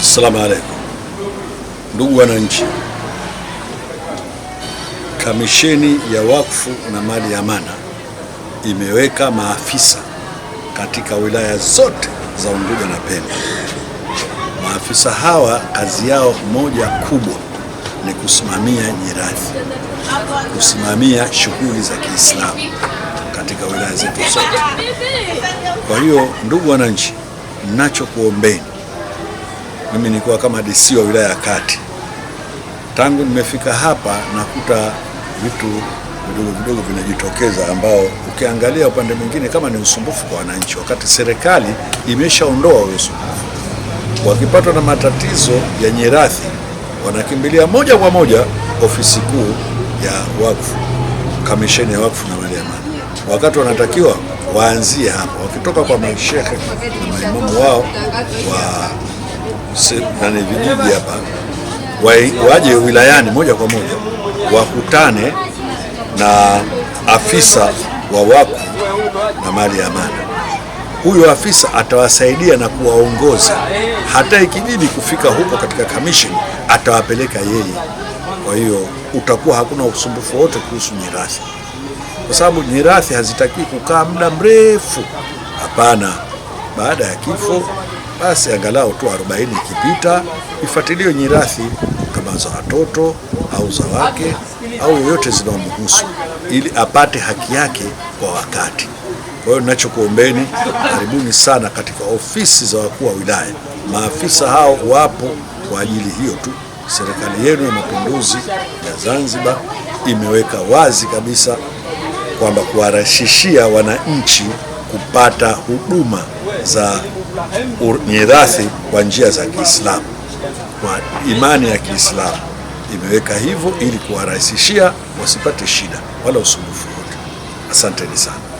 Assalamu alaikum, ndugu wananchi. Kamisheni ya Wakfu na Mali ya Amana imeweka maafisa katika wilaya zote za Unguja na Pemba. Maafisa hawa kazi yao moja kubwa ni kusimamia mirathi, kusimamia shughuli za Kiislamu katika wilaya zetu zote. Kwa hiyo, ndugu wananchi, mnachokuombeni mimi nilikuwa kama DC wa wilaya ya Kati. Tangu nimefika hapa nakuta vitu vidogo vidogo vinajitokeza ambao ukiangalia upande mwingine kama ni usumbufu kwa wananchi, wakati serikali imeshaondoa huyo usumbufu. Wakipatwa na matatizo ya nyerathi, wanakimbilia moja kwa moja ofisi kuu ya wakfu, kamisheni ya wakfu na mali ya amana, wakati wanatakiwa waanzie hapa, wakitoka kwa mashehe na maimamu wao wa vijiji hapa waje wilayani moja kwa moja wakutane na afisa wa wakfu na mali ya amana. Huyo afisa atawasaidia na kuwaongoza, hata ikibidi kufika huko katika kamisheni atawapeleka yeye. Kwa hiyo utakuwa hakuna usumbufu wote kuhusu mirathi, kwa sababu mirathi hazitakiwi kukaa muda mrefu. Hapana, baada ya kifo basi angalau tu 40 ikipita ifuatiliwe nyirathi kama za watoto au za wake au yoyote zinaomhusu, ili apate haki yake kwa wakati. Kwa hiyo ninachokuombeni, karibuni sana katika ofisi za wakuu wa wilaya. Maafisa hao wapo kwa ajili hiyo tu. Serikali yenu ya Mapinduzi ya Zanzibar imeweka wazi kabisa kwamba kuwarashishia wananchi kupata huduma za mirathi kwa njia za Kiislamu, kwa imani ya Kiislamu imeweka hivyo ili kuwarahisishia wasipate shida wala usumbufu wote. Asanteni sana.